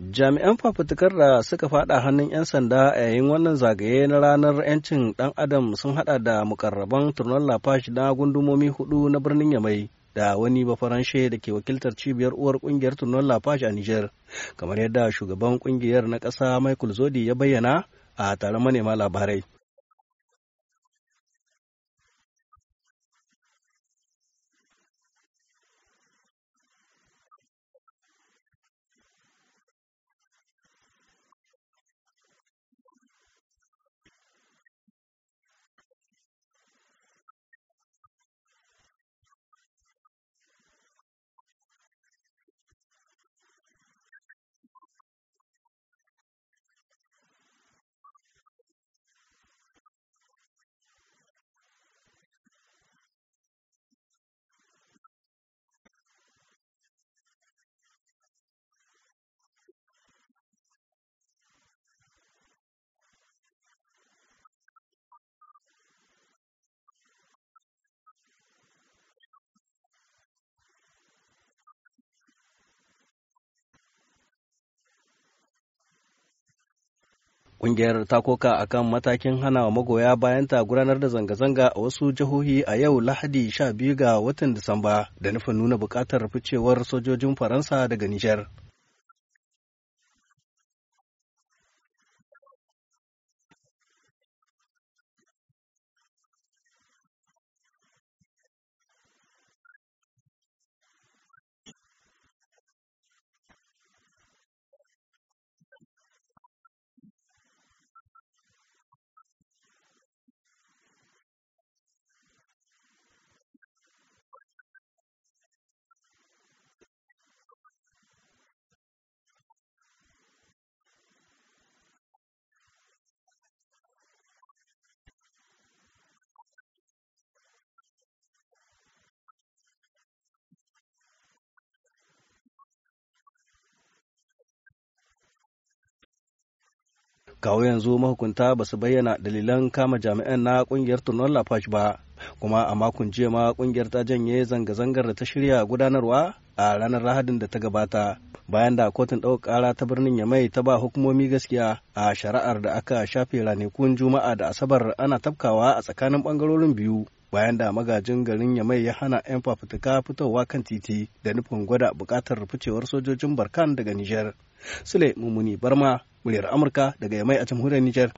Jami'an fafutukar da suka fada hannun 'yan sanda a yayin wannan zagaye na ranar 'yancin dan adam sun hada da mukarraban turnar lafashi na gundumomi hudu na birnin Yamai da wani bafaranshe da ke wakiltar cibiyar uwar kungiyar turnar lafashi a niger kamar yadda shugaban kungiyar na ƙasa Michael Zodi ya bayyana a taron manema labarai. Ƙungiyar ta koka a kan matakin hana magoya bayan ta gudanar da zanga-zanga a wasu jihohi a yau Lahadi 12 ga watan Disamba da nufin nuna buƙatar ficewar sojojin Faransa daga Nijar. kawo yanzu mahukunta ba su bayyana dalilan kama jami'an na kungiyar turnon lafash ba kuma a makon jiya ma kungiyar ta janye zanga-zangar da ta shirya gudanarwa a ranar lahadin da ta gabata bayan da kotun ɗauka ƙara ta birnin ya mai ta ba hukumomi gaskiya a shari'ar da aka shafe ranakun juma'a da asabar ana tafkawa a tsakanin ɓangarorin biyu bayan da magajin garin Yamai ya hana 'yan fafutuka fitowa kan titi da nufin gwada bukatar ficewar sojojin Barkan daga Nijar. Sule Mumuni Barma, muryar Amurka daga Yamai a jamhuriyar Nijar.